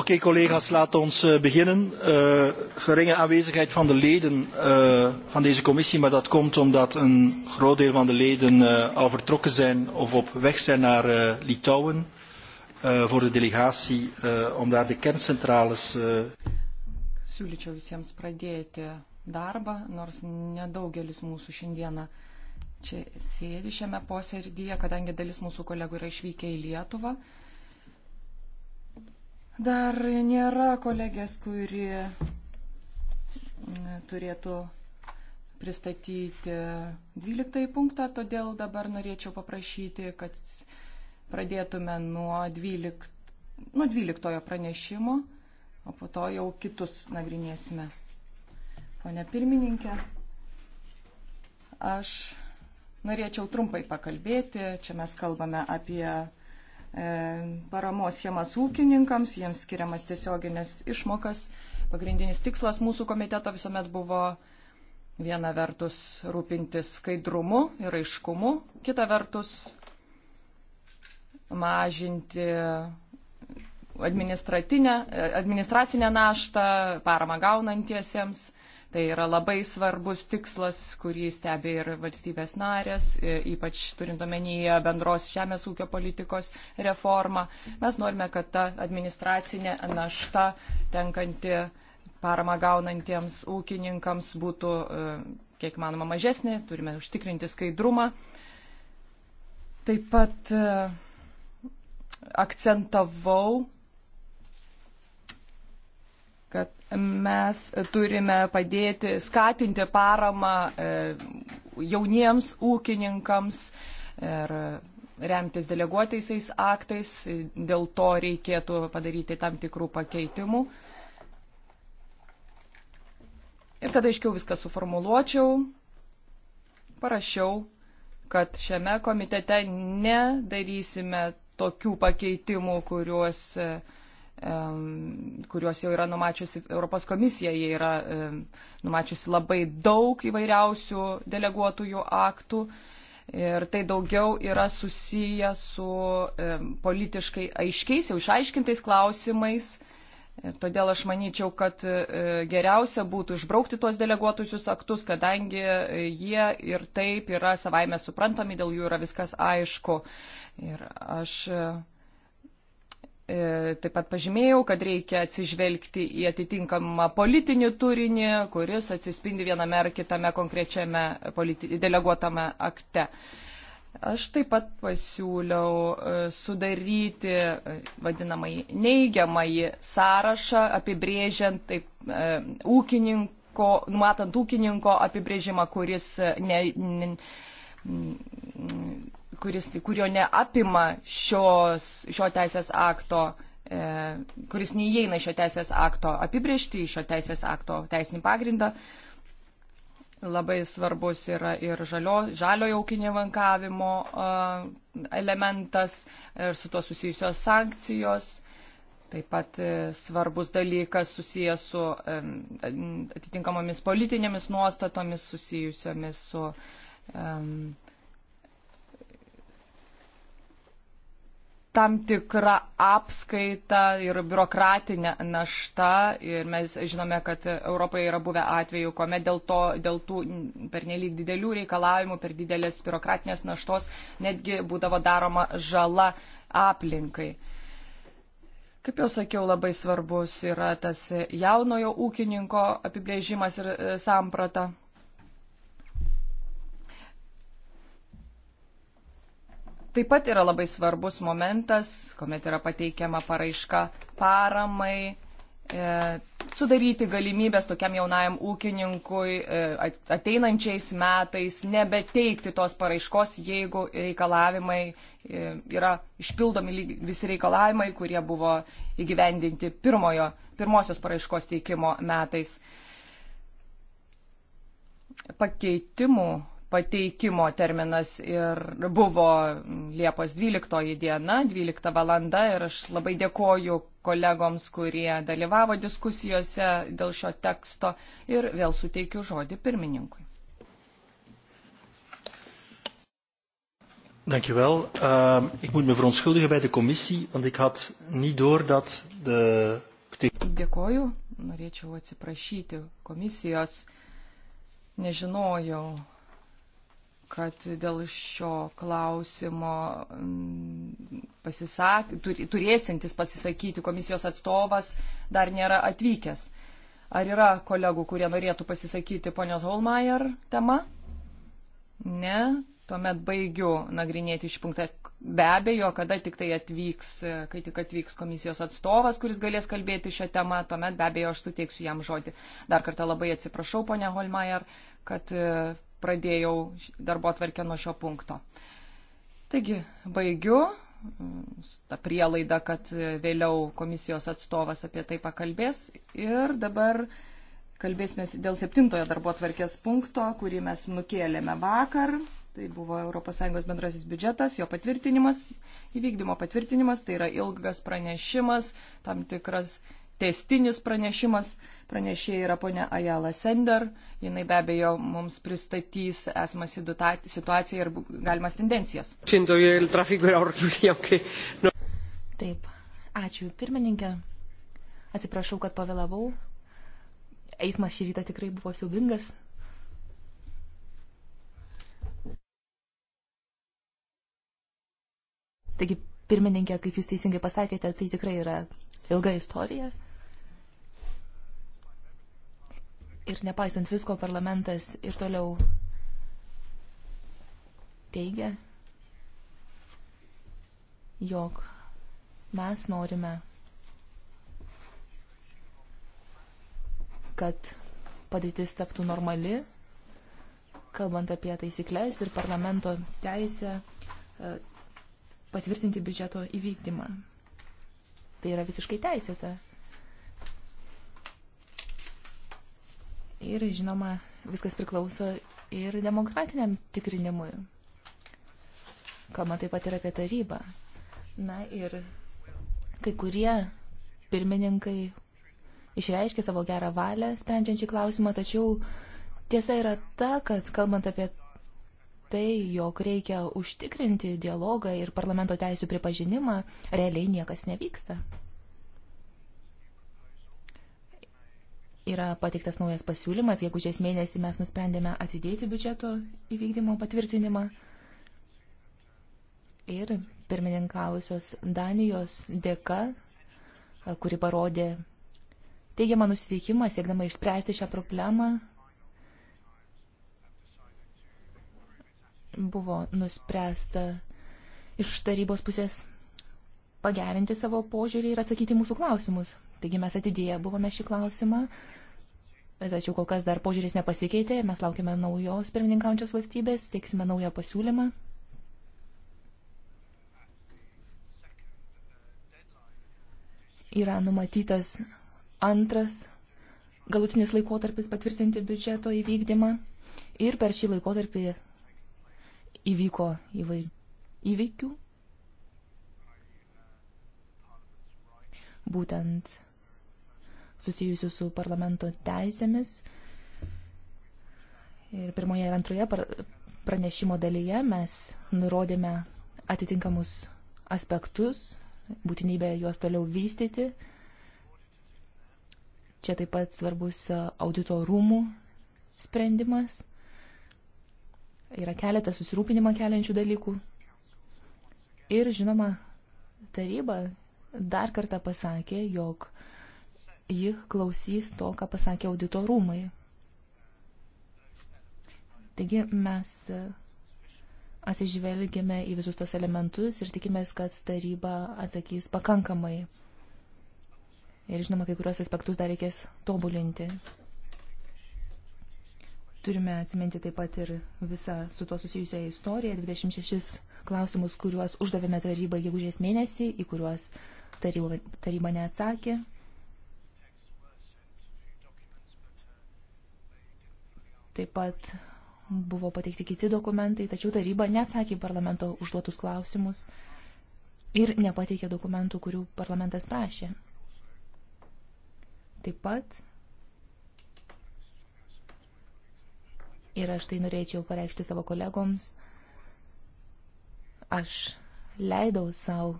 Oké okay, collega's, laten ons uh, beginnen. Uh, geringe aanwezigheid van de leden uh, van deze commissie, maar dat komt omdat een groot deel van de leden uh, al vertrokken zijn of op weg zijn naar uh, Litouwen uh, voor de delegatie uh, om daar de kerncentrales. Uh... Siūlyčiau visiems pradėti darbą, nors nedaugelis mūsų šiandieną čia sėdi šiame posėdyje, kadangi dalis mūsų kolegų yra išvykę į Lietuvą. Uh, Dar nėra kolegės, kuri mm, turėtų pristatyti 12 punktą, todėl dabar norėčiau paprašyti, kad pradėtume nuo 12, nuo 12 pranešimo, o po to jau kitus nagrinėsime. Pone pirmininkė, aš norėčiau trumpai pakalbėti. Čia mes kalbame apie E, paramos schemas ūkininkams, jiems skiriamas tiesioginės išmokas. Pagrindinis tikslas mūsų komiteto visuomet buvo viena vertus rūpintis skaidrumu ir aiškumu, kita vertus mažinti e, administracinę naštą, paramą gaunantiesiems Tai yra labai svarbus tikslas, kurį stebi ir valstybės narės, e, ypač turint omenyje bendros žemės ūkio politikos reformą. Mes norime, kad ta administracinė našta tenkanti parama gaunantiems ūkininkams būtų e, kiek manoma mažesnė, turime užtikrinti skaidrumą. Taip pat e, akcentavau Mes turime padėti skatinti paramą e, jauniems ūkininkams ir remtis deleguotaisiais aktais, dėl to reikėtų padaryti tam tikrų pakeitimų. Ir kad aiškiau viską suformuluočiau, parašiau, kad šiame komitete nedarysime tokių pakeitimų, kuriuos uh, kuriuos jau yra numačiusi Europos komisija, jie yra numačiusi labai daug įvairiausių deleguotųjų aktų ir tai daugiau yra susiję su politiškai aiškiais, jau išaiškintais klausimais. Todėl aš manyčiau, kad e, geriausia būtų išbraukti tuos deleguotusius aktus, kadangi jie ir taip yra savaime suprantami, dėl jų yra viskas aišku. Ir aš e, E, taip pat pažymėjau, kad reikia atsižvelgti į atitinkamą politinį turinį, kuris atsispindi viename ar kitame konkrečiame politi... deleguotame akte. Aš taip pat pasiūliau e, sudaryti e, vadinamąjį neigiamąjį sąrašą, apibrėžiant taip ūkininko, numatant ūkininko apibrėžimą, kuris ne, ne, kuris, kurio neapima šios, šio teisės akto, e, kuris neįeina šio teisės akto apibriešti, šio teisės akto teisinį pagrindą. Labai svarbus yra ir žalio, žaliojo ūkininkavimo e, elementas ir su tuo susijusios sankcijos. Taip pat e, svarbus dalykas susijęs su e, atitinkamomis politinėmis nuostatomis, susijusiomis su um, tam tikra apskaita ir biurokratinė našta. Ir mes žinome, kad Europoje yra buvę atvejų, kuomet dėl, to, dėl tų pernelyg didelių reikalavimų, per didelės biurokratinės naštos netgi būdavo daroma žala aplinkai. Kaip jau sakiau, labai svarbus yra tas jaunojo ūkininko apibrėžimas ir e, samprata. taip pat yra labai svarbus momentas, kuomet yra pateikiama paraiška paramai, e, sudaryti galimybės tokiam jaunajam ūkininkui e, ateinančiais metais nebeteikti tos paraiškos, jeigu reikalavimai e, yra išpildomi visi reikalavimai, kurie buvo įgyvendinti pirmojo, pirmosios paraiškos teikimo metais. Pakeitimų pateikimo terminas ir buvo Liepos 12 diena, 12 valanda ir aš labai dėkoju kolegoms, kurie dalyvavo diskusijose dėl šio teksto ir vėl suteikiu žodį pirmininkui. Dankjewel. Uh, ehm, ik moet me verontschuldigen bij de commissie, want ik had niet door dat de. Dėkoju. Norėčiau atsiprašyti komisijos. Nežinojau, kad dėl šio klausimo mm, pasisak, turėsintis pasisakyti komisijos atstovas dar nėra atvykęs. Ar yra kolegų, kurie norėtų pasisakyti ponios Holmeier tema? Ne, tuomet baigiu nagrinėti šį punktą. Be abejo, kada tik tai atvyks, kai tik atvyks komisijos atstovas, kuris galės kalbėti šią temą, tuomet be abejo aš suteiksiu jam žodį. Dar kartą labai atsiprašau, ponia Holmeier, kad pradėjau darbo atvarkę nuo šio punkto. Taigi, baigiu. Mm, ta prielaida, kad vėliau komisijos atstovas apie tai pakalbės. Ir dabar kalbėsime dėl septintojo darbo atvarkės punkto, kurį mes nukėlėme vakar. Tai buvo ES bendrasis biudžetas, jo patvirtinimas, įvykdymo patvirtinimas, tai yra ilgas pranešimas, tam tikras testinis pranešimas. Pranešėja yra ponia Ajala Sender. Jinai be abejo mums pristatys esamą situaciją ir galimas tendencijas. Taip, ačiū pirmininkė. Atsiprašau, kad pavėlavau. Eismas šį rytą tikrai buvo siubingas. Taigi, pirmininkė, kaip jūs teisingai pasakėte, tai tikrai yra ilga istorija. Ir nepaisant visko, parlamentas ir toliau teigia, jog mes norime, kad padėtis taptų normali, kalbant apie taisyklės ir parlamento teisę e, patvirtinti biudžeto įvykdymą. Tai yra visiškai teisėta. Ir žinoma, viskas priklauso ir demokratiniam tikrinimui. Kalba taip pat ir apie tarybą. Na ir kai kurie pirmininkai išreiškė savo gerą valią sprendžiant šį klausimą, tačiau tiesa yra ta, kad kalbant apie tai, jog reikia užtikrinti dialogą ir parlamento teisų pripažinimą, realiai niekas nevyksta. yra pateiktas naujas pasiūlymas. Jeigu šiais mėnesį mes nusprendėme atidėti biudžeto įvykdymo patvirtinimą ir pirmininkavusios Danijos dėka, kuri parodė teigiamą nusiteikimą, siekdama išspręsti šią problemą, buvo nuspręsta iš tarybos pusės pagerinti savo požiūrį ir atsakyti mūsų klausimus. Taigi mes atidėję buvome šį klausimą, Tačiau kol kas dar požiūris nepasikeitė, mes laukime naujos pirmininkaujančios valstybės, teiksime naują pasiūlymą. Yra numatytas antras galutinis laikotarpis patvirtinti biudžeto įvykdymą ir per šį laikotarpį įvyko įvairių įvykių. Būtent susijusių su parlamento teisėmis. Ir pirmoje ir antroje pranešimo dalyje mes nurodėme atitinkamus aspektus, būtinybę juos toliau vystyti. Čia taip pat svarbus audito rūmų sprendimas. Yra keletas susirūpinimą keliančių dalykų. Ir žinoma, taryba dar kartą pasakė, jog uh, ji klausys to, ką pasakė audito rūmai. Taigi mes e, atsižvelgėme į visus tos elementus ir tikimės, kad taryba atsakys pakankamai. Ir žinoma, kai kurios aspektus dar reikės tobulinti. Turime atsiminti taip pat ir visą su tuo susijusią istoriją, 26 klausimus, kuriuos uždavėme tarybai gegužės mėnesį, į kuriuos taryba, taryba neatsakė. Taip pat buvo pateikti kiti dokumentai, tačiau taryba neatsakė į parlamento užduotus klausimus ir nepateikė dokumentų, kurių parlamentas prašė. Taip pat ir aš tai norėčiau pareikšti savo kolegoms, aš leidau savo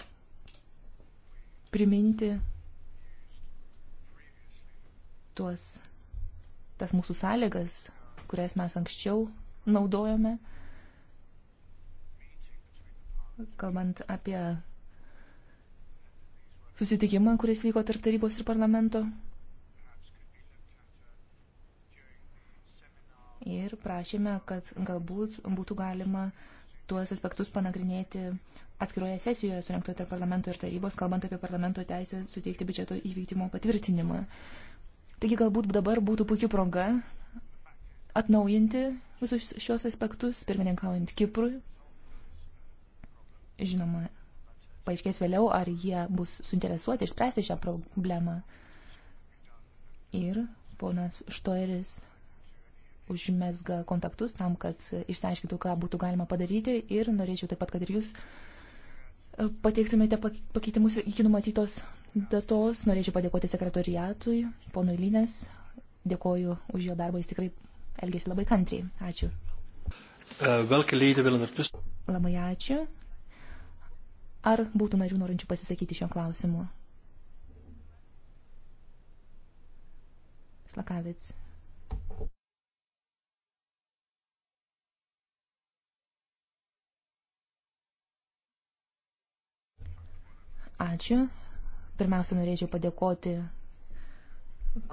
priminti tuos, tas mūsų sąlygas, kurias mes anksčiau naudojome. Kalbant apie susitikimą, kuris vyko tarp tarybos ir parlamento. Ir prašėme, kad galbūt būtų galima tuos aspektus panagrinėti atskiroje sesijoje surinktoje tarp parlamento ir tarybos, kalbant apie parlamento teisę suteikti biudžeto įvykdymo patvirtinimą. Taigi galbūt dabar būtų puikia proga atnaujinti visus šios aspektus, pirmininkaujant Kiprui. Žinoma, paaiškės vėliau, ar jie bus suinteresuoti išspręsti šią problemą. Ir ponas Štoeris užmesga kontaktus tam, kad išsiaiškintų, ką būtų galima padaryti. Ir norėčiau taip pat, kad ir jūs e, pateiktumėte pakeitimus iki numatytos datos. Norėčiau padėkoti sekretoriatui, ponui Lynės. Dėkoju už jo darbą, jis tikrai elgėsi labai kantriai. Ačiū. E, labai ačiū. Ar būtų narių norinčių pasisakyti šio klausimu? Slakavic. Ačiū. Pirmiausia, norėčiau padėkoti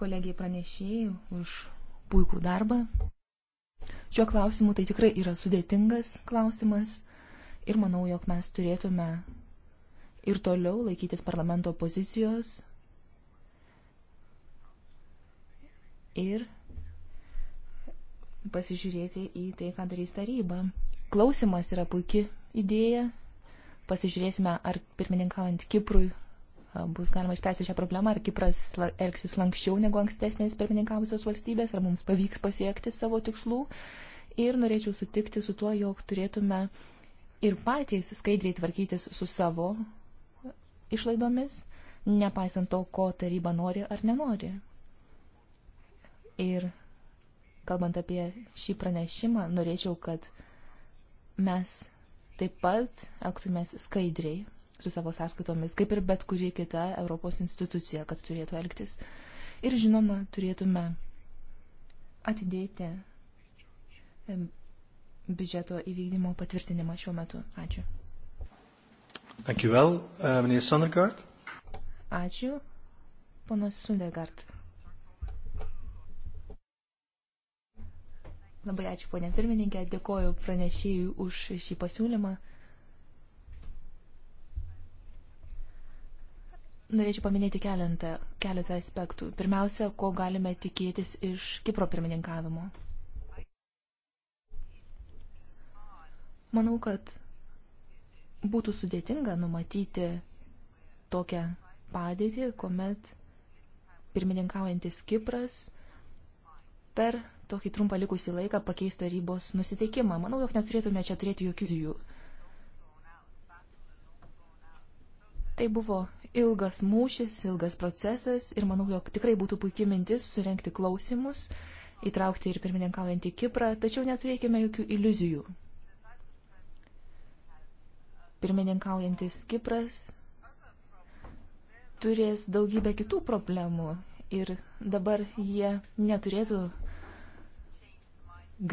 kolegijai pranešėjai už puikų darbą. Šiuo klausimu tai tikrai yra sudėtingas klausimas ir manau, jog mes turėtume ir toliau laikytis parlamento pozicijos ir pasižiūrėti į tai, ką darys taryba. Klausimas yra puikia idėja. Pasižiūrėsime, ar pirmininkaujant Kiprui bus galima išteisti šią problemą, ar Kipras elgsis lankščiau negu ankstesnės pirmininkavusios valstybės, ar mums pavyks pasiekti savo tikslų. Ir norėčiau sutikti su tuo, jog turėtume ir patys skaidriai tvarkytis su savo išlaidomis, nepaisant to, ko taryba nori ar nenori. Ir kalbant apie šį pranešimą, norėčiau, kad mes taip pat elgtumės skaidriai su savo sąskaitomis, kaip ir bet kuri kita Europos institucija, kad turėtų elgtis. Ir žinoma, turėtume atidėti biudžeto įvykdymo patvirtinimą šiuo metu. Ačiū. Ačiū vėl, meneer Sondergaard. Ačiū, ponas Sundergaard. Labai ačiū, ponė pirmininkė, dėkoju pranešėjui už šį pasiūlymą. Norėčiau paminėti keletą, keletą aspektų. Pirmiausia, ko galime tikėtis iš Kipro pirmininkavimo. Manau, kad būtų sudėtinga numatyti tokią padėtį, kuomet pirmininkaujantis Kipras per tokį trumpą likusį laiką pakeis tarybos nusiteikimą. Manau, jog neturėtume čia turėti jokių vizijų. Tai buvo ilgas mūšis, ilgas procesas ir manau, jog tikrai būtų puikia mintis surenkti klausimus, įtraukti ir pirmininkaujantį Kiprą, tačiau neturėkime jokių iliuzijų. Pirmininkaujantis Kipras turės daugybę kitų problemų ir dabar jie neturėtų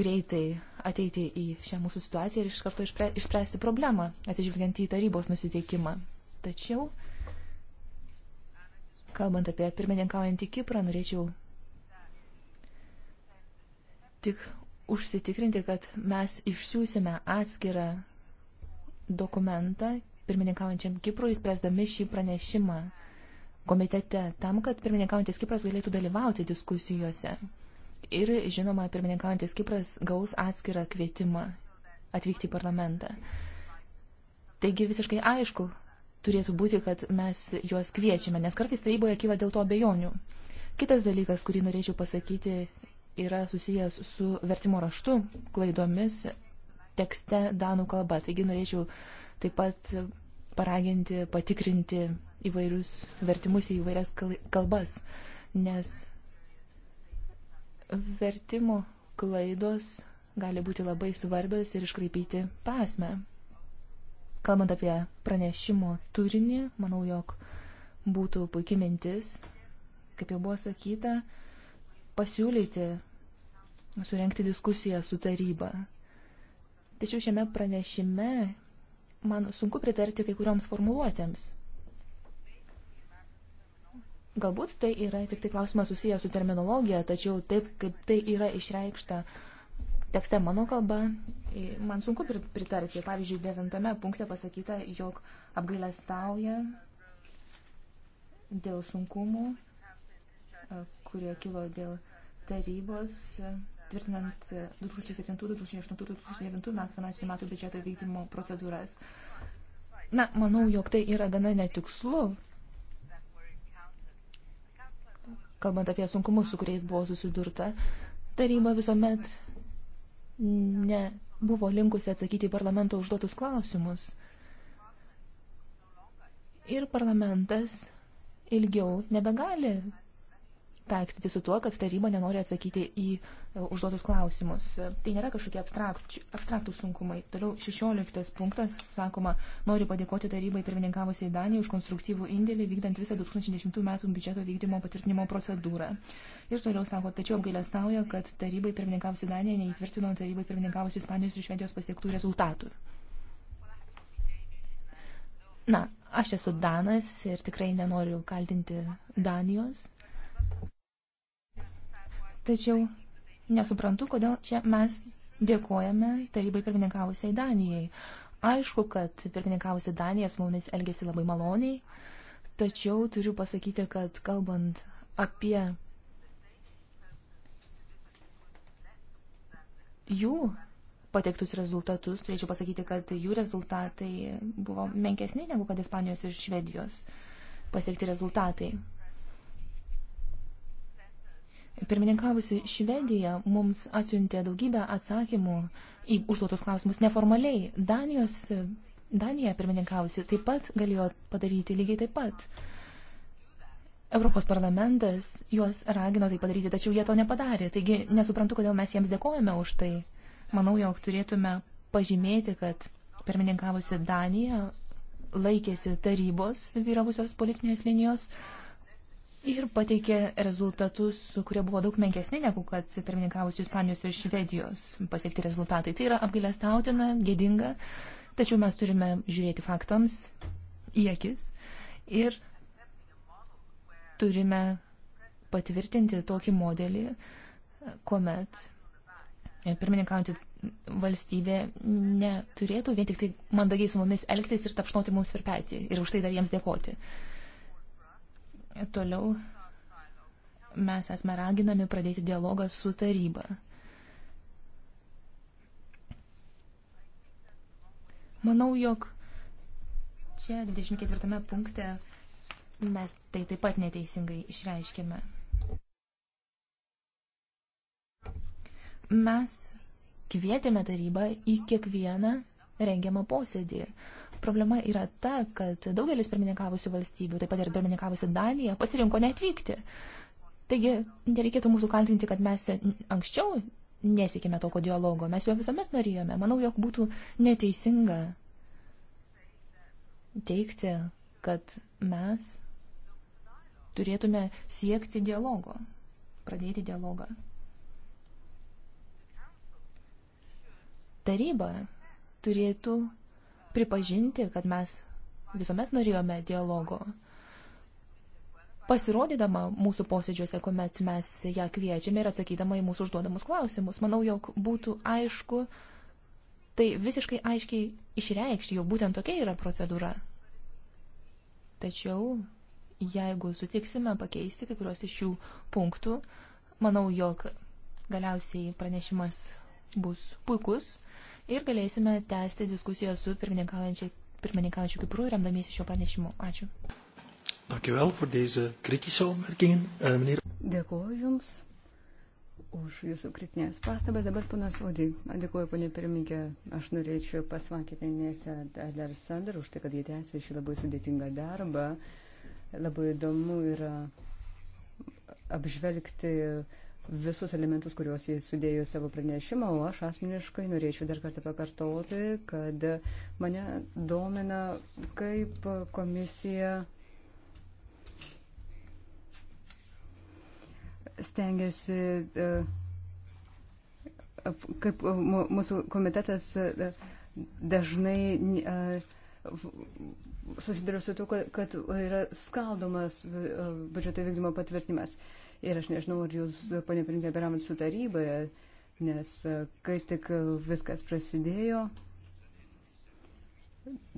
greitai ateiti į šią mūsų situaciją ir iš karto išpre, išspręsti problemą, atsižvelgiant į tarybos nusiteikimą. Tačiau, kalbant apie pirmininkaujantį Kiprą, norėčiau tik užsitikrinti, kad mes išsiųsime atskirą dokumentą pirmininkaujančiam Kiprui, spręsdami šį pranešimą komitete, tam, kad pirmininkaujantis Kipras galėtų dalyvauti diskusijose. Ir, žinoma, pirmininkaujantis Kipras gaus atskirą kvietimą atvykti į parlamentą. Taigi visiškai aišku, turėtų būti, kad mes juos kviečiame, nes kartais taryboje kyla dėl to abejonių. Kitas dalykas, kurį norėčiau pasakyti, yra susijęs su vertimo raštu klaidomis tekste danų kalba. Taigi norėčiau taip pat paraginti, patikrinti įvairius vertimus į įvairias kalbas, nes vertimo klaidos gali būti labai svarbios ir iškraipyti prasme. Kalbant apie pranešimo turinį, manau, jog būtų puikia mintis, kaip jau buvo sakyta, pasiūlyti surenkti diskusiją su taryba. Tačiau šiame pranešime man sunku pritarti kai kurioms formuluotėms. Galbūt tai yra tik tai klausimas susijęs su terminologija, tačiau taip, kaip tai yra išreikšta tekste mano kalba, man sunku pritarti. Pavyzdžiui, devintame punkte pasakyta, jog apgailestauja dėl sunkumų, e, kurie kilo dėl tarybos e, tvirtinant 2007, 2008, 2009 metų finansinių metų biudžeto vykdymo procedūras. Na, manau, jog tai yra gana netikslu, kalbant apie sunkumus, su kuriais buvo susidurta. Taryba visuomet nebuvo linkusi atsakyti į parlamento užduotus klausimus. Ir parlamentas ilgiau nebegali taikstyti su tuo, kad taryba nenori atsakyti į e, užduotus klausimus. Tai nėra kažkokie abstraktų sunkumai. Toliau 16 punktas, sakoma, noriu padėkoti tarybai pirmininkavusiai Danijai už konstruktyvų indėlį vykdant visą 2010 metų biudžeto vykdymo patvirtinimo procedūrą. Ir toliau sako, tačiau apgailestauja, kad tarybai pirmininkavusiai Danijai neįtvirtino tarybai pirmininkavusiai Ispanijos ir Švedijos pasiektų rezultatų. Na, aš esu Danas ir tikrai nenoriu kaltinti Danijos. Tačiau nesuprantu, kodėl čia mes dėkojame tarybai pirmininkavusiai Danijai. Aišku, kad pirmininkavusi Danija su mumis elgėsi labai maloniai, tačiau turiu pasakyti, kad kalbant apie jų pateiktus rezultatus, turėčiau pasakyti, kad jų rezultatai buvo menkesni negu kad Ispanijos ir Švedijos pasiekti rezultatai. Pirmininkavusi Švedija mums atsiuntė daugybę atsakymų į užduotus klausimus neformaliai. Danijos, Danija pirmininkavusi taip pat galėjo padaryti lygiai taip pat. Europos parlamentas juos ragino tai padaryti, tačiau jie to nepadarė. Taigi nesuprantu, kodėl mes jiems dėkojame už tai. Manau, jog turėtume pažymėti, kad pirmininkavusi Danija laikėsi tarybos vyravusios politinės linijos, ir pateikė rezultatus, kurie buvo daug menkesni negu kad pirmininkavusių Ispanijos ir Švedijos pasiekti rezultatai. Tai yra apgailestautina, gėdinga, tačiau mes turime žiūrėti faktams į akis ir turime patvirtinti tokį modelį, kuomet pirmininkaujantį valstybė neturėtų vien tik tai mandagiai su mumis elgtis ir tapšnoti mums per petį ir už tai dar jiems dėkoti. Uh, Toliau mes esame raginami pradėti dialogą su taryba. Manau, jog čia 24 punkte mes tai taip pat neteisingai išreiškėme. Mes kvietėme tarybą į kiekvieną rengiamą posėdį. Problema yra ta, kad daugelis pirmininkavusių valstybių, taip pat ir pirmininkavusi Danija, pasirinko neatvykti. Taigi nereikėtų mūsų kaltinti, kad mes anksčiau nesikėme tokio dialogo, mes jo visuomet norėjome. Manau, jog būtų neteisinga teikti, kad mes turėtume siekti dialogo, pradėti dialogą. Taryba turėtų pripažinti, kad mes visuomet norėjome dialogo. Pasirodydama mūsų posėdžiuose, kuomet mes ją kviečiame ir atsakydama į mūsų užduodamus klausimus, manau, jog būtų aišku, tai visiškai aiškiai išreikšti, jog būtent tokia yra procedūra. Tačiau, jeigu sutiksime pakeisti kai kurios iš šių punktų, manau, jog galiausiai pranešimas bus puikus ir galėsime tęsti diskusiją su pirmininkaujančiu Kipru, remdamiesi šio pranešimu. Ačiū. Dankjewel voor deze kritische opmerkingen, uh, meneer. Dėkuoju Jums už Jūsų kritinės pastabas. Dabar panas Odi, dėkuoju ponė pirmininkė, aš norėčiau pasvakyti Nesę Alersandrą už tai, kad jie tęsė šį labai sudėtingą darbą. Labai įdomu yra apžvelgti uh, visus elementus, kuriuos jis sudėjo savo pranešimą, o aš asmeniškai norėčiau dar kartą pakartoti, kad mane domina, kaip komisija stengiasi, e, kaip mūsų komitetas e, dažnai e, susiduria su to, kad yra skaldomas biudžeto vykdymo patvirtinimas. Ir aš nežinau, ar jūs, ponė Pirinkė, beramat su taryboje, nes e, kai tik viskas prasidėjo,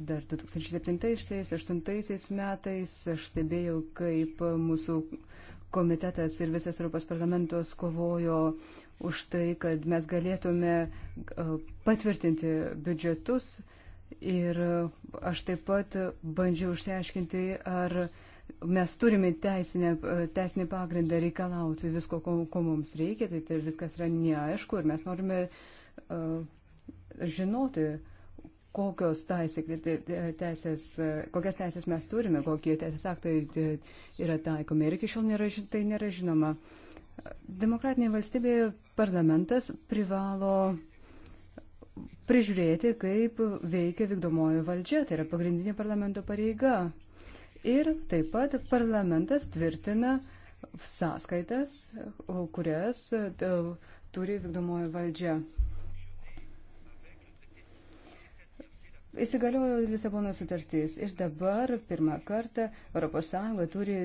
Dar 2007-2008 metais aš stebėjau, kaip mūsų komitetas ir visas Europos parlamentos kovojo už tai, kad mes galėtume e, patvirtinti biudžetus. Ir e, aš taip pat bandžiau išsiaiškinti, ar mes turime teisinę, teisinį pagrindą reikalauti visko, ko, ko mums reikia, tai, tai viskas yra neaišku ir mes norime uh, žinoti, kokios taisek, teisės, e, kokias teisės mes turime, kokie teisės aktai e, yra taikomi ir iki šiol nėra, tai nėra žinoma. Demokratinėje valstybėje parlamentas privalo prižiūrėti, kaip veikia vykdomoji valdžia, tai yra pagrindinė parlamento pareiga. Ir taip pat parlamentas tvirtina sąskaitas, kurias e, turi vykdomoji valdžia. Įsigaliojo Lisabono sutartis ir dabar pirmą kartą ES turi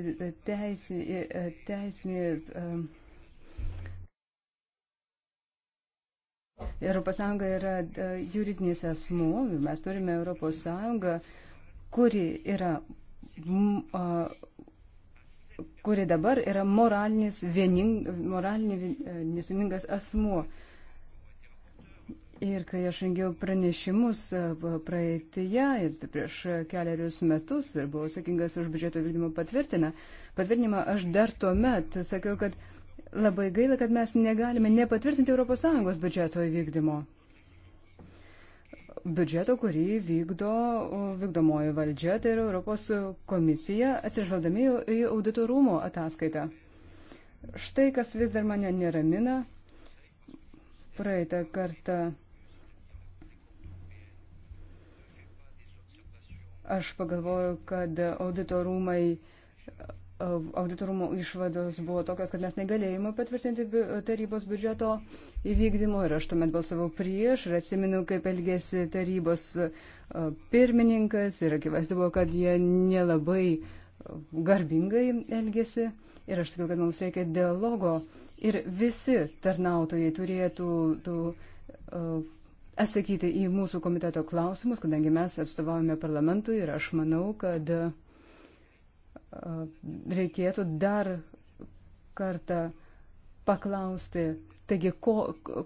teisinės. E, teisinės e, ES yra juridinis asmuo, mes turime ES, kuri yra kuri dabar yra moralinis, viening, moralinis vieningas asmuo. Ir kai aš rengiau pranešimus praeitėje ir prieš keliarius metus ir buvau atsakingas už biudžeto vykdymo patvirtinimą, aš dar tuo met sakiau, kad labai gaila, kad mes negalime nepatvirtinti ES biudžeto įvykdymo biudžeto, kurį vykdo vykdomoji valdžia, tai yra Europos komisija, atsižvelgdami į auditorumo ataskaitą. Štai kas vis dar mane neramina. Praeitą kartą aš pagalvojau, kad auditorumai auditorumo išvados buvo tokios, kad mes negalėjome patvirtinti tarybos biudžeto įvykdymo ir aš tuomet balsavau prieš ir atsimenu, kaip elgėsi tarybos e, pirmininkas ir akivaizdu buvo, kad jie nelabai e, garbingai elgėsi ir aš sakiau, kad mums reikia dialogo ir visi tarnautojai turėtų tų, uh, atsakyti į mūsų komiteto klausimus, kadangi mes atstovaujame parlamentui ir aš manau, kad uh, reikėtų dar kartą paklausti, taigi ko,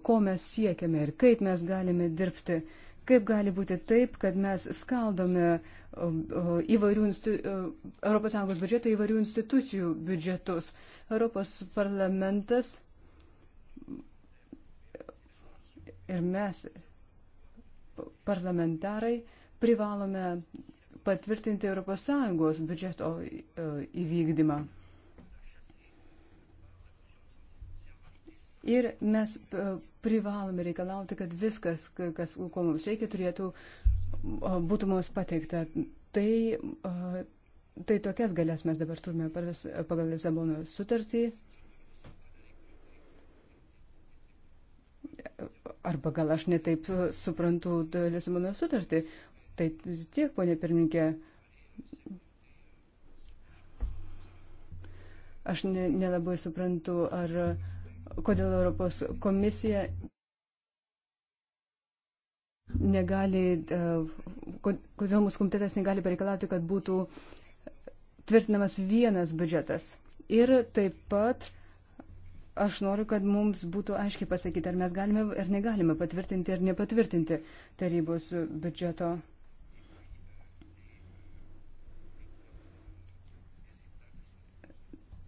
ko mes siekiame ir kaip mes galime dirbti, kaip gali būti taip, kad mes skaldome įvairių ES biudžetą įvairių institucijų biudžetus. Europos parlamentas ir mes parlamentarai privalome patvirtinti ES biudžeto e, įvykdymą. Ir mes e, privalome reikalauti, kad viskas, kas, ko mums reikia, turėtų būtų mums pateikta. Tai, e, tai tokias galės mes dabar turime pagal Lisabono sutartį. Arba gal aš netaip suprantu Lisabono sutartį. Tai tiek, ponė pirmininkė. Aš ne, nelabai suprantu, ar kodėl Europos komisija negali, e, kodėl mūsų komitetas negali pareikalauti, kad būtų tvirtinamas vienas biudžetas. Ir taip pat aš noriu, kad mums būtų aiškiai pasakyti, ar mes galime ar negalime patvirtinti ar nepatvirtinti tarybos biudžeto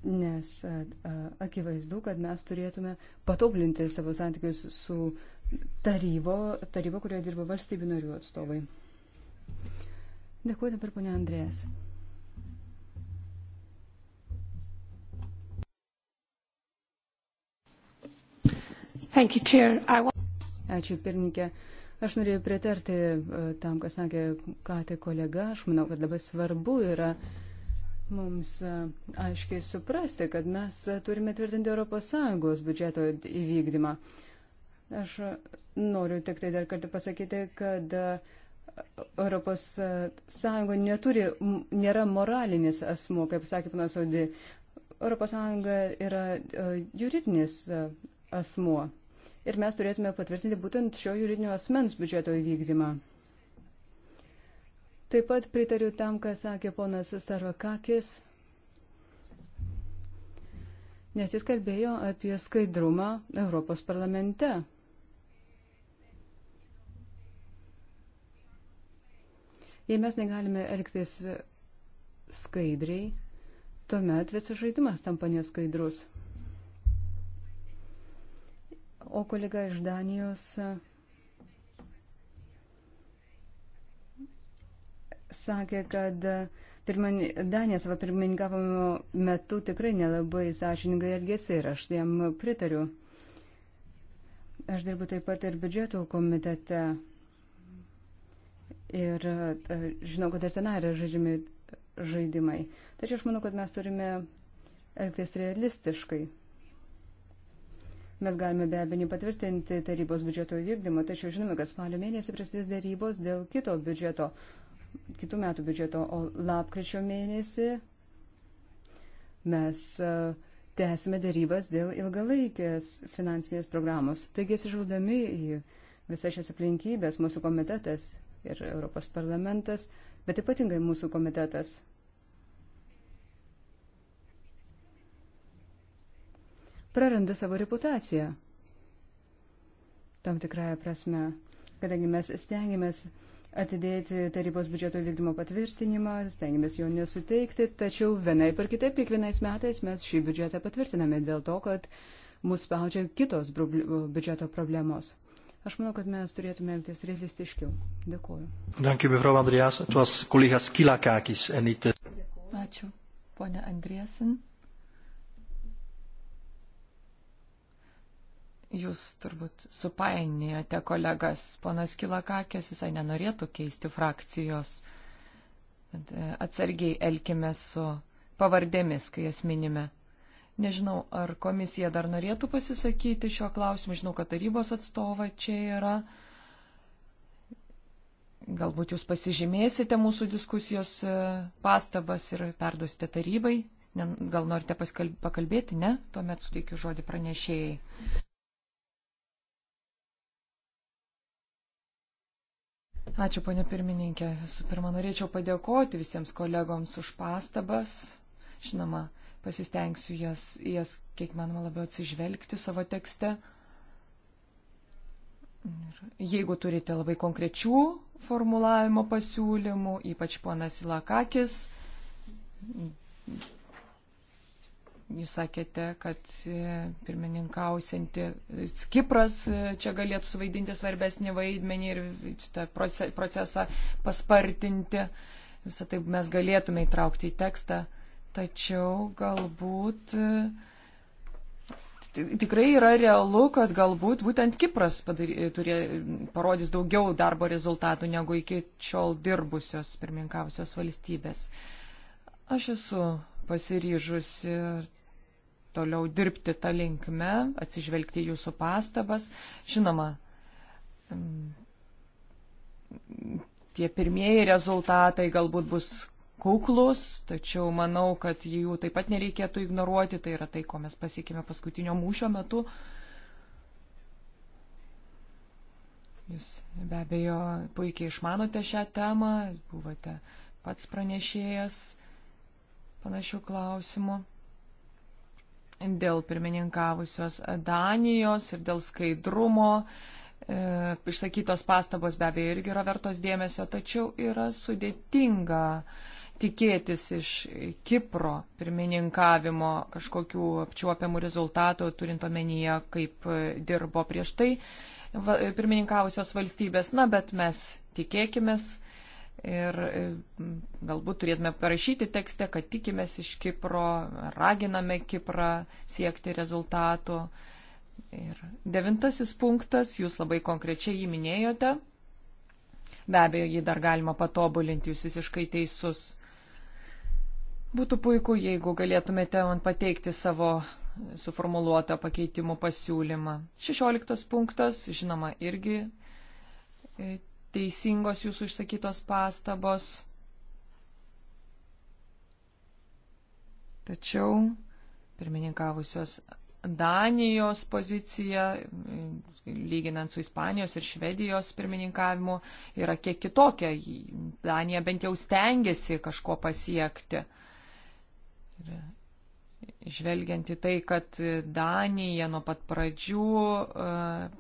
nes akivaizdu, kad mes turėtume patoblinti savo santykius su tarybo, taryba, kurioje dirba valstybių narių atstovai. Dėkuoju dabar ponia Andrės. Ačiū pirmininkė. Aš norėjau pritarti tam, ką sakė ką tai kolega. Aš manau, kad labai svarbu yra uh, mums e, aiškiai suprasti, kad mes e, turime tvirtinti ES biudžeto įvykdymą. Aš e, noriu tik tai dar kartą pasakyti, kad ES neturi, nėra moralinis asmuo, kaip sakė panas Audi. ES yra juridinis asmuo. Ir mes turėtume patvirtinti būtent šio juridinio asmens biudžeto įvykdymą. Taip pat pritariu tam, ką sakė ponas Starvakakis, nes jis kalbėjo apie skaidrumą Europos parlamente. Jei mes negalime elgtis skaidriai, tuomet visas žaidimas tampa neskaidrus. O kolega iš Danijos sakė, kad e, pirmin, Danija savo pirmininkavimo metu tikrai nelabai sąžiningai elgėsi ir aš jam pritariu. Aš dirbu taip pat ir biudžeto komitete. Ir e, žinau, kad ir ten yra žaidžiami žaidimai. Tačiau aš manau, kad mes turime elgtis realistiškai. Mes galime be abejo patvirtinti tarybos biudžeto įvykdymą, tačiau žinome, kad spalio mėnesį prasidės darybos dėl kito biudžeto, kitų metų biudžeto, o lapkričio mėnesį mes e, tęsime darybas dėl ilgalaikės finansinės programos. Taigi, atsižvaldami į visas šias aplinkybės, mūsų komitetas ir Europos parlamentas, bet ypatingai mūsų komitetas. praranda savo reputaciją. Tam tikrąją prasme, kadangi mes stengiamės atidėti tarybos biudžeto vykdymo patvirtinimą, stengiamės jo nesuteikti, tačiau vienai per kitaip kiekvienais metais mes šį biudžetą patvirtiname dėl to, kad mus spaudžia kitos biudžeto problemos. Aš manau, kad mes turėtume elgtis realistiškiau. Dėkuoju. Dankui, Bivrau Andrijas, tuos kolegas Kilakakis, Enitė. Ačiū, ponia Andriesin. Jūs turbūt supainėjote kolegas. Ponas Kilakakės visai nenorėtų keisti frakcijos. E, atsargiai elkime su pavardėmis, kai jas minime. Nežinau, ar komisija dar norėtų pasisakyti šiuo klausimu. Žinau, kad tarybos atstovai čia yra. Galbūt jūs pasižymėsite mūsų diskusijos e, pastabas ir perduosite tarybai. Gal norite paskalb... pakalbėti, ne? Tuomet suteikiu žodį pranešėjai. Ačiū, ponė pirmininkė. Visų pirma, norėčiau padėkoti visiems kolegoms už pastabas. Žinoma, pasistengsiu jas, jas kiek manoma labiau atsižvelgti savo tekste. Ir jeigu turite labai konkrečių formulavimo pasiūlymų, ypač ponas Ilakakis Jūs sakėte, kad e, pirmininkausianti e, Kipras e, čia galėtų suvaidinti svarbesnį vaidmenį ir šitą procesą paspartinti. Visą tai mes galėtume įtraukti į tekstą. Tačiau galbūt tikrai yra realu, kad galbūt būtent Kipras padary, turė, parodys daugiau darbo rezultatų negu iki šiol dirbusios pirmininkavusios valstybės. Aš esu pasiryžusi toliau dirbti tą linkme, atsižvelgti jūsų pastabas. Žinoma, mm, tie pirmieji rezultatai galbūt bus kuklus, tačiau manau, kad jų taip pat nereikėtų ignoruoti, tai yra tai, ko mes pasiekime paskutinio mūšio metu. Jūs be abejo puikiai išmanote šią temą, buvote pats pranešėjas panašių klausimų dėl pirmininkavusios Danijos ir dėl skaidrumo. E, išsakytos pastabos be abejo irgi yra vertos dėmesio, tačiau yra sudėtinga tikėtis iš Kipro pirmininkavimo kažkokių apčiuopiamų rezultatų, turint omenyje, kaip dirbo prieš tai pirmininkavusios valstybės. Na, bet mes tikėkimės Ir e, galbūt turėtume parašyti tekste, kad tikimės iš Kipro, raginame Kiprą siekti rezultatų. Ir devintasis punktas, jūs labai konkrečiai jį minėjote. Be abejo, jį dar galima patobulinti, jūs visiškai teisus. Būtų puiku, jeigu galėtumėte man pateikti savo suformuluotą pakeitimų pasiūlymą. Šešioliktas punktas, žinoma, irgi e, teisingos jūsų išsakytos pastabos. Tačiau pirmininkavusios Danijos pozicija, lyginant su Ispanijos ir Švedijos pirmininkavimu, yra kiek kitokia. Danija bent jau stengiasi kažko pasiekti. Ir žvelgiant į tai, kad Danija nuo pat pradžių e,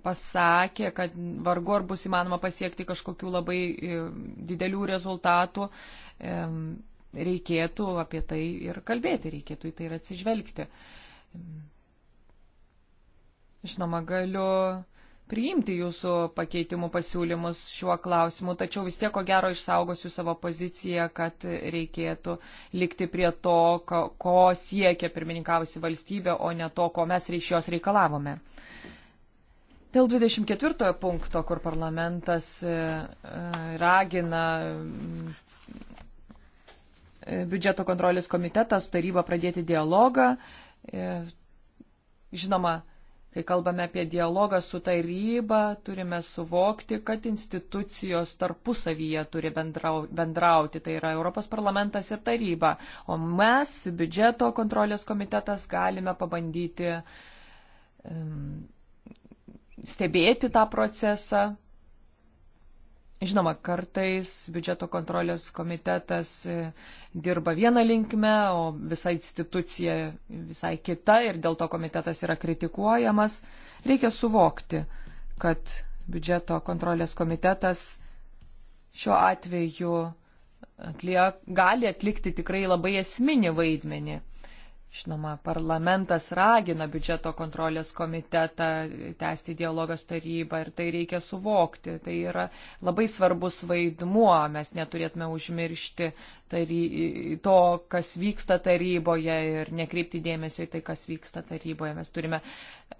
pasakė, kad vargu ar bus įmanoma pasiekti kažkokių labai e, didelių rezultatų, e, reikėtų apie tai ir kalbėti, reikėtų į tai ir atsižvelgti. Žinoma, galiu priimti jūsų pakeitimų pasiūlymus šiuo klausimu, tačiau vis tiek ko gero išsaugosiu savo poziciją, kad reikėtų likti prie to, ko, ko siekia pirmininkavusi valstybė, o ne to, ko mes iš jos reikalavome. Dėl 24 punkto, kur parlamentas e, e, ragina e, biudžeto kontrolės komitetas, taryba pradėti dialogą. Žinoma, Kai kalbame apie dialogą su taryba, turime suvokti, kad institucijos tarpusavyje turi bendrau, bendrauti, tai yra Europos parlamentas ir taryba, o mes, biudžeto kontrolės komitetas, galime pabandyti um, stebėti tą procesą, Žinoma, kartais biudžeto kontrolės komitetas e, dirba vieną linkmę, o visa institucija visai kita ir dėl to komitetas yra kritikuojamas. Reikia suvokti, kad biudžeto kontrolės komitetas šiuo atveju atliek, gali atlikti tikrai labai esminį vaidmenį. Žinoma, parlamentas ragina biudžeto kontrolės komitetą tęsti dialogą su taryba ir tai reikia suvokti. Tai yra labai svarbus vaidmuo, mes neturėtume užmiršti tary... to, kas vyksta taryboje ir nekreipti dėmesio į tai, kas vyksta taryboje. Mes turime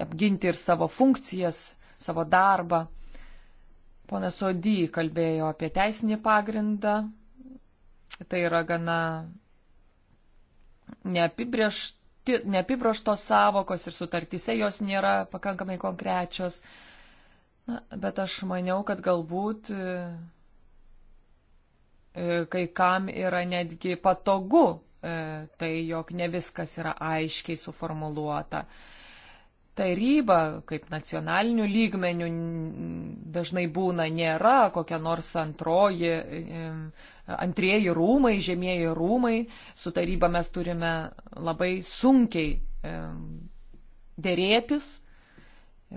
apginti ir savo funkcijas, savo darbą. Ponas Odį kalbėjo apie teisinį pagrindą. Tai yra gana neapibrieštos savokos ir sutartyse jos nėra pakankamai konkrečios. Na, bet aš maniau, kad galbūt e, e, kai kam yra netgi patogu e, tai, jog ne viskas yra aiškiai suformuluota. E, taryba, kaip nacionalinių lygmenių dažnai būna, nėra kokia nors antroji, antrieji rūmai, žemieji rūmai. Su taryba mes turime labai sunkiai dėrėtis.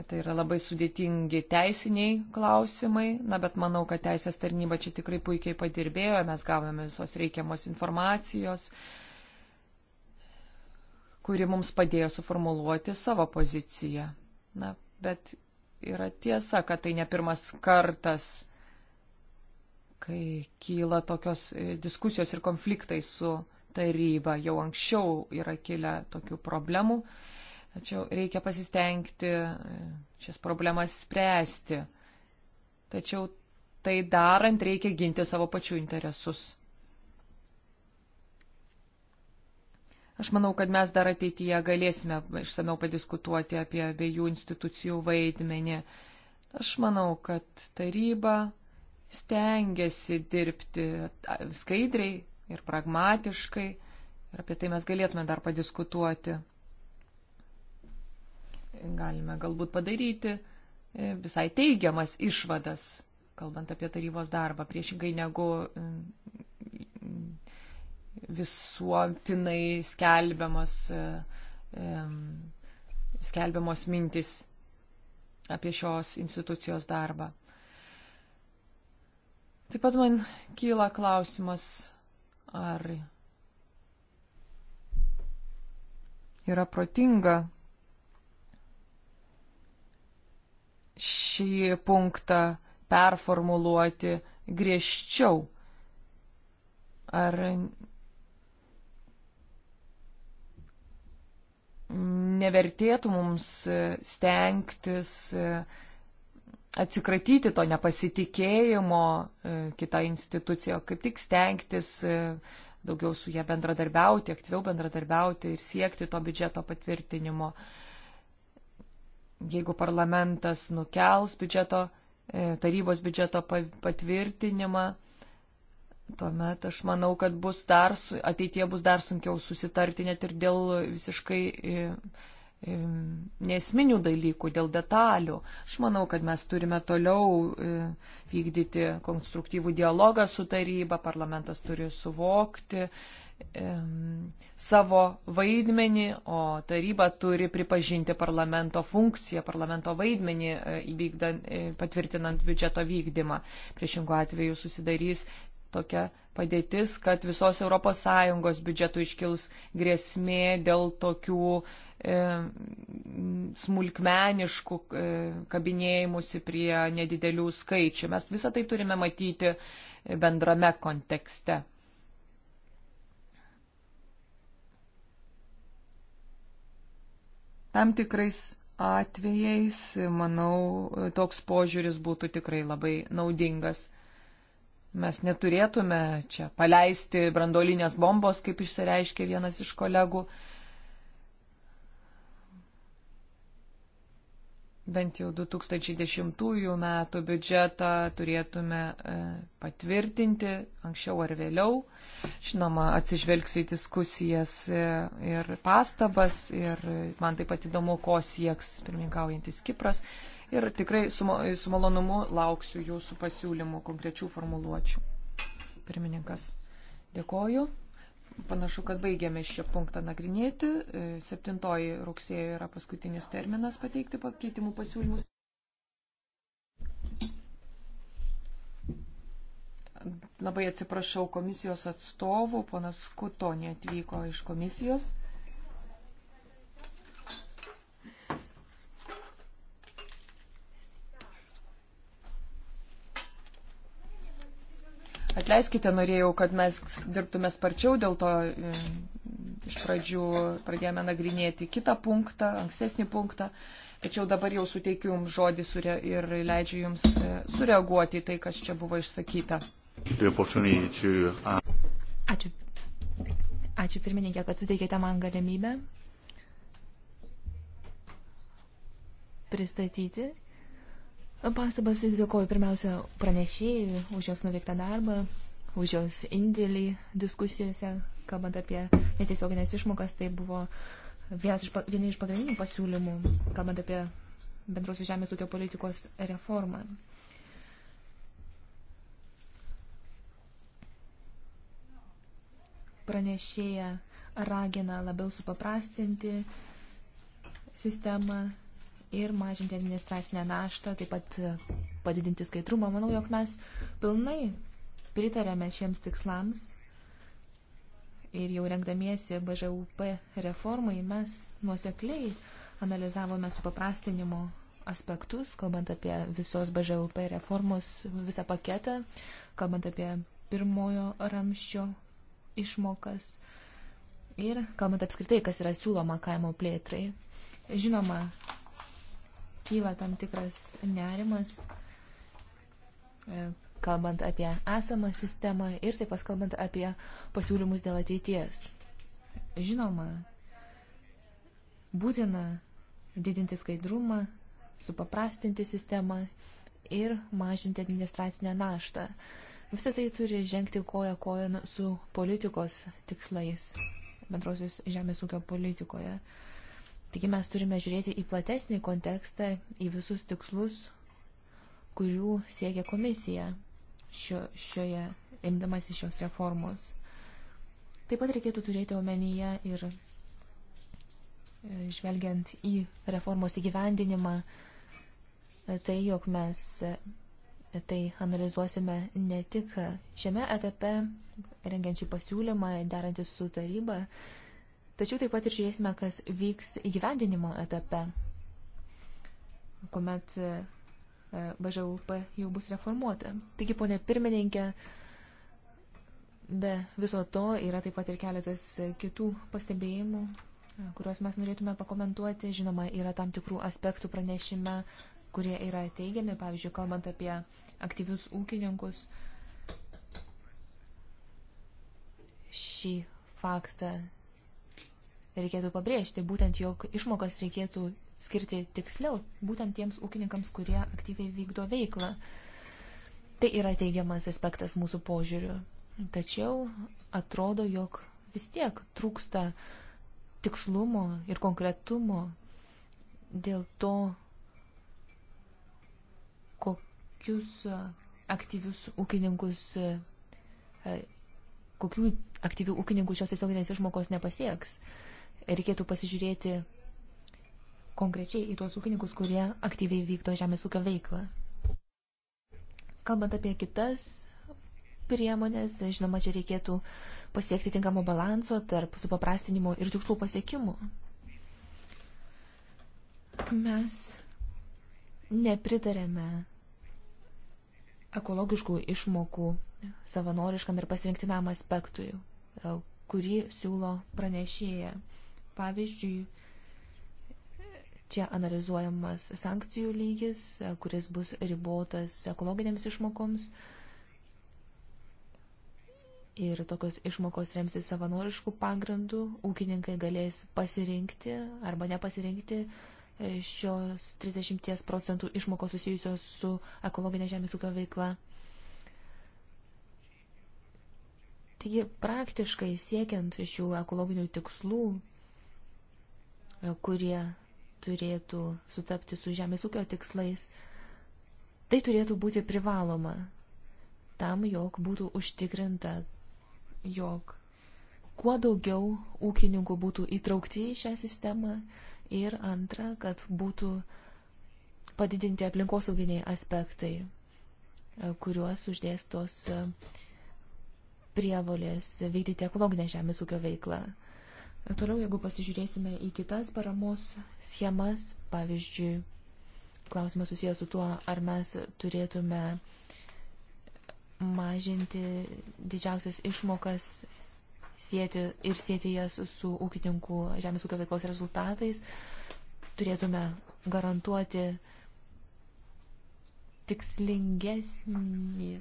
Tai yra labai sudėtingi teisiniai klausimai, na bet manau, kad teisės tarnyba čia tikrai puikiai padirbėjo, mes gavome visos reikiamos informacijos. Uh, kuri mums padėjo suformuluoti savo poziciją. Na, bet yra tiesa, kad tai ne pirmas kartas, kai kyla tokios e, diskusijos ir konfliktai su taryba. Jau anksčiau yra kilę tokių problemų, tačiau reikia pasistengti e, šias problemas spręsti. Tačiau tai darant reikia ginti savo pačių interesus. Aš manau, kad mes dar ateityje galėsime išsameu padiskutuoti apie abiejų institucijų vaidmenį. Aš manau, kad taryba stengiasi dirbti skaidriai ir pragmatiškai ir apie tai mes galėtume dar padiskutuoti. Galime galbūt padaryti e, visai teigiamas išvadas, kalbant apie tarybos darbą, priešingai negu visuotinai skelbiamos, e, e, skelbiamos mintis apie šios institucijos darbą. Taip pat man kyla klausimas, ar yra protinga šį punktą performuluoti griežčiau. Ar nevertėtų mums e, stengtis e, atsikratyti to nepasitikėjimo e, kitą instituciją, kaip tik stengtis daugiau su ją bendradarbiauti, aktyviau bendradarbiauti ir siekti to biudžeto patvirtinimo. Jeigu parlamentas nukels biudžeto, tarybos biudžeto patvirtinimą, tuomet aš manau, kad bus dar, ateitie bus dar sunkiau susitarti net ir dėl visiškai e, e, nesminių dalykų, dėl detalių. Aš manau, kad mes turime toliau e, vykdyti konstruktyvų dialogą su taryba, parlamentas turi suvokti savo vaidmenį, o taryba turi pripažinti parlamento funkciją, parlamento vaidmenį patvirtinant biudžeto vykdymą. Priešingų atveju susidarys tokia padėtis, kad visos ES biudžetų iškils grėsmė dėl tokių e, smulkmeniškų e, kabinėjimusi prie nedidelių skaičių. Mes visą tai turime matyti bendrame kontekste. Tam tikrais atvejais, manau, toks požiūris būtų tikrai labai naudingas. Mes neturėtume čia paleisti brandolinės bombos, kaip išsireiškė vienas iš kolegų. Bent jau 2010 metų biudžetą turėtume e, patvirtinti anksčiau ar vėliau. Žinoma, atsižvelgsiu į diskusijas e, ir pastabas ir man taip pat įdomu, ko sieks pirmininkaujantis Kipras ir tikrai su, su malonumu lauksiu jūsų pasiūlymų konkrečių formuluočių. Pirmininkas, dėkoju. Panašu, kad baigėme šį punktą nagrinėti. 7 e, rugsėjo yra paskutinis terminas pateikti pakeitimų pasiūlymus. Labai atsiprašau komisijos atstovų, ponas Kuto neatvyko iš komisijos. Atleiskite, norėjau, kad mes dirbtume sparčiau, dėl to e, iš pradžių pradėjome nagrinėti kitą punktą, ankstesnį punktą. Tačiau dabar jau suteikiu Jums žodį ir leidžiu Jums e, sureaguoti į tai, kas čia buvo išsakyta. Ačiū. Ačiū pirmininkė, kad suteikėte man galimybę pristatyti Pastabas dėkoju pirmiausia pranešėjai už jos nuveiktą darbą, už jos indėlį diskusijose, kalbant apie netiesioginės išmokas, tai buvo vienas iš, vieni iš pagrindinių pasiūlymų, kalbant apie bendrosios žemės ūkio politikos reformą. Pranešėja ragina labiau supaprastinti sistemą ir mažinti administracinę naštą, taip pat e, padidinti skaidrumą. Manau, jog mes pilnai pritarėme šiems tikslams ir jau rengdamiesi BŽUP reformai mes nuosekliai analizavome supaprastinimo aspektus, kalbant apie visos BŽUP reformos visą paketą, kalbant apie pirmojo ramščio išmokas ir kalbant apskritai, kas yra siūloma kaimo plėtrai. Žinoma, kyla tam tikras nerimas, e, kalbant apie esamą sistemą ir taip pat kalbant apie pasiūlymus dėl ateities. Žinoma, būtina didinti skaidrumą, supaprastinti sistemą ir mažinti administracinę naštą. Visą tai turi žengti koja kojon su politikos tikslais bendrosios žemės ūkio politikoje. Uh, Taigi mes turime žiūrėti į platesnį kontekstą, į visus tikslus, kurių siekia komisija šio, šioje, imdamasi šios reformos. Taip pat reikėtų turėti omenyje ir e, žvelgiant į reformos įgyvendinimą, e, tai jog mes e, tai analizuosime ne tik šiame etape, rengiant šį pasiūlymą, derantys su taryba, Tačiau taip pat ir žiūrėsime, kas vyks įgyvendinimo etape, kuomet e, BŽUP jau bus reformuota. Taigi, ponė pirmininkė, be viso to yra taip pat ir keletas kitų pastebėjimų, e, kuriuos mes norėtume pakomentuoti. Žinoma, yra tam tikrų aspektų pranešime, kurie yra teigiami, pavyzdžiui, kalbant apie aktyvius ūkininkus. Šį faktą reikėtų pabrėžti, būtent jog išmokas reikėtų skirti tiksliau, būtent tiems ūkininkams, kurie aktyviai vykdo veiklą. Tai yra teigiamas aspektas mūsų požiūriu. Tačiau atrodo, jog vis tiek trūksta tikslumo ir konkretumo dėl to, kokius aktyvius ūkininkus, e, kokių aktyvių ūkininkų šios tiesioginės išmokos nepasieks reikėtų pasižiūrėti konkrečiai į tuos ūkininkus, kurie aktyviai vykdo žemės ūkio veiklą. Kalbant apie kitas priemonės, žinoma, čia reikėtų pasiekti tinkamo balanso tarp supaprastinimo ir tikslų pasiekimų. Mes nepritarėme ekologiškų išmokų savanoriškam ir pasirinktinam aspektui, kurį siūlo pranešėja. Pavyzdžiui, čia analizuojamas sankcijų lygis, kuris bus ribotas ekologinėms išmokoms. Ir tokios išmokos remsis savanoriškų pagrindų. Ūkininkai galės pasirinkti arba nepasirinkti e, šios 30 procentų išmokos susijusios su ekologinė žemės ūkio veikla. Taigi praktiškai siekiant šių ekologinių tikslų kurie turėtų sutapti su žemės ūkio tikslais, tai turėtų būti privaloma tam, jog būtų užtikrinta, jog kuo daugiau ūkininkų būtų įtraukti į šią sistemą ir antra, kad būtų padidinti aplinkosauginiai aspektai, kuriuos uždėstos prievolės vykdyti ekologinę žemės ūkio veiklą. Toliau, jeigu pasižiūrėsime į kitas paramos schemas, pavyzdžiui, klausimas susijęs su tuo, ar mes turėtume mažinti didžiausias išmokas sieti ir sieti jas su ūkininkų žemės ūkio veiklos rezultatais, turėtume garantuoti tikslingesnį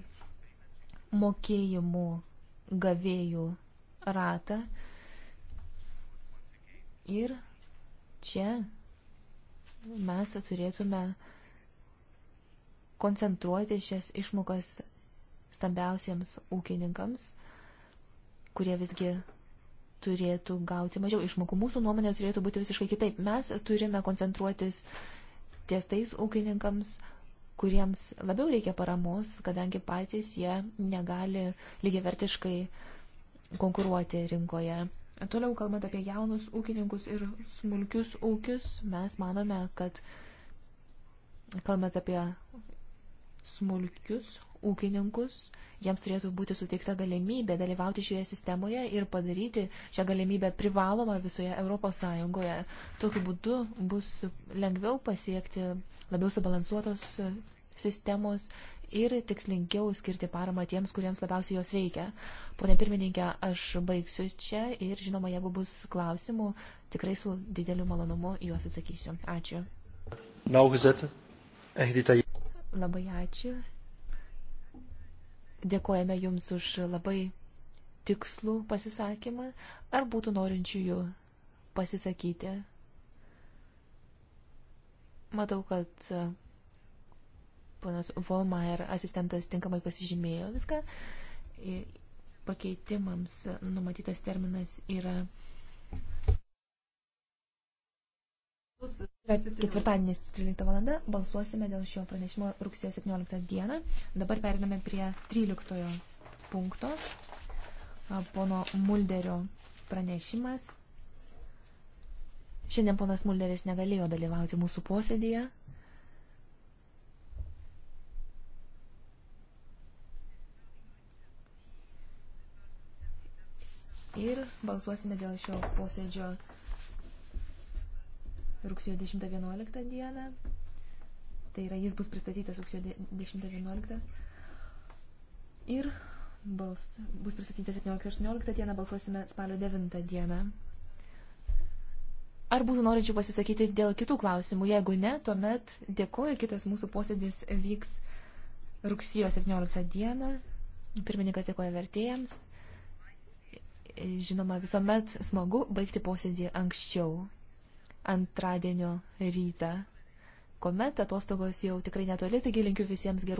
mokėjimų gavėjų ratą Ir čia mes turėtume koncentruoti šias išmokas stambiausiems ūkininkams, kurie visgi turėtų gauti mažiau išmokų. Mūsų nuomonė turėtų būti visiškai kitaip. Mes turime koncentruotis ties tais ūkininkams, kuriems labiau reikia paramos, kadangi patys jie negali lygiavertiškai konkuruoti rinkoje. Toliau kalbant apie jaunus ūkininkus ir smulkius ūkius, mes manome, kad kalbant apie smulkius ūkininkus, jiems turėtų būti suteikta galimybė dalyvauti šioje sistemoje ir padaryti šią galimybę privalomą visoje Europos Sąjungoje. Tokiu būdu bus lengviau pasiekti labiau subalansuotos sistemos ir tikslingiau skirti paramą tiems, kuriems labiausiai jos reikia. Pone pirmininkė, aš baigsiu čia ir žinoma, jeigu bus klausimų, tikrai su dideliu malonumu juos atsakysiu. Ačiū. Labai ačiū. Dėkojame Jums už labai tikslų pasisakymą. Ar būtų norinčiųjų pasisakyti? Matau, kad Ponas Volmaier asistentas tinkamai pasižymėjo viską. Pakeitimams numatytas terminas yra. Ketvirtadienis 13 val. balsuosime dėl šio pranešimo rugsėjo 17 dieną. Dabar periname prie 13 punkto. Pono Mulderio pranešimas. Šiandien ponas Mulderis negalėjo dalyvauti mūsų posėdėje. ir balsuosime dėl šio posėdžio rugsėjo 10-11 dieną. Tai yra, jis bus pristatytas rugsėjo 10-11 ir bals, bus pristatytas 17-18 dieną, balsuosime spalio 9 dieną. Ar būtų norinčių pasisakyti dėl kitų klausimų? Jeigu ne, tuomet dėkoju, kitas mūsų posėdis vyks rugsėjo 17 dieną. Pirmininkas dėkoja vertėjams žinoma, visuomet smagu baigti posėdį anksčiau, antradienio rytą, kuomet atostogos jau tikrai netoli, taigi linkiu visiems gerų.